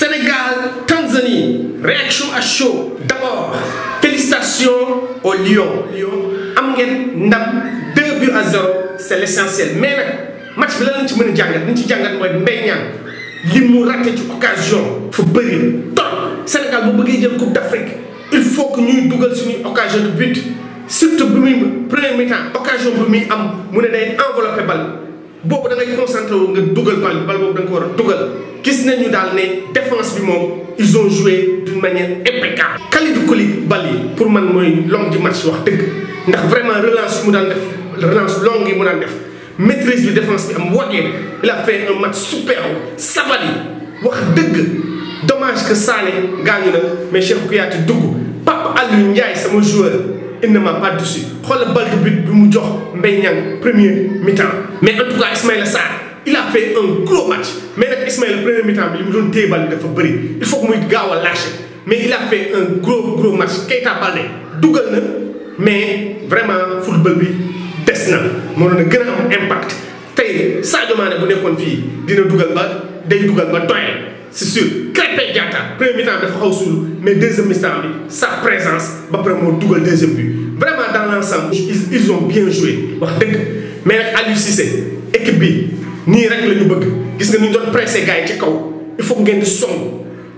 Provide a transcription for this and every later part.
Sénégal, Tanzanie, réaction à chaud. D'abord, félicitations au Lyon. Lyon, Amgen Ndam, 2 buts à 0, c'est l'essentiel. Mais le match, c'est ce que nous avons dit. li mu raté ci occasion fa bëri trop Sénégal bu bëggee jël coupe d'Afrique il faut que ñuy dugal suñuy occasion de but surtout bu muy premier mi-temps occasion bu muy am mu ne day enveloppé bal da ngay concentré wu nga dugal bal bal boobu da nga ko war a dugal gis nañu daal ne ils ont joué d'une manière impeccable. Kalidou Koulibaly pour moi l'homme du match wax dëgg ndax vraiment relance mu def relance longue maîtrise du défense il a fait un match super Savali, wax dëgg dommage que Sané gagne mais Cheikh Kouyaté dugg papa Aliou Ndiaye mon joueur il ne m'a pas dessus. xoolal bal de but bi mu jox Mbaye Niang premier mi-temps mais en tout cas Ismaël Sarr il a fait un gros match mais Ismaël, le premier mi-temps bi a mu balles, téye il faut que je gaaw mais il a fait un gros gros match Keita Baldé Dougal, na mais vraiment football bi des Il a doon un grand am impact Ça Sadio Mané bu de fii dina Dougal ba day Dougal ba c'est sûr Crépé Le premier mi-temps dafa xaw suul mais deuxième mi-temps sa présence ba prendre moo dougal deuxième but vraiment dans l'ensemble ils ont bien joué wax mais nag Aliou Cissé équipe bi nii rek la ñu bëgg gis nga ni ñu doon pressé yi ci kaw il faut ngeen di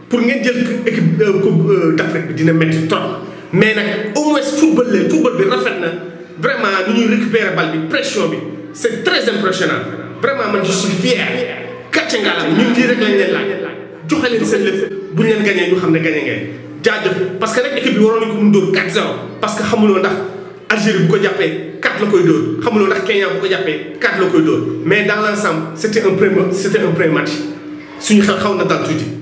pour ngeen jël équipe euh, coupe euh, d'Afrique bi dina métti trop. mais nag au moins football la football bi rafet na vraiment ni ñuy récupérer bal bi pression bi c' est très impressionnant vraiment man je suis fier kàcce ngaalam ñun lii rek lañ leen laaj joxe leen bu ñu leen gagné ñu xam ne gagné ngeen jaajëf parce que nag équipe bi waroon nañ ko mun dóor 4 parce que xamuloo ndax. Algérie, vous avez 4 locaux d'eau. Comme le Kenya, vous avez 4 locaux d'eau. Mais dans l'ensemble, c'était un premier match. Si nous avons un tout dit.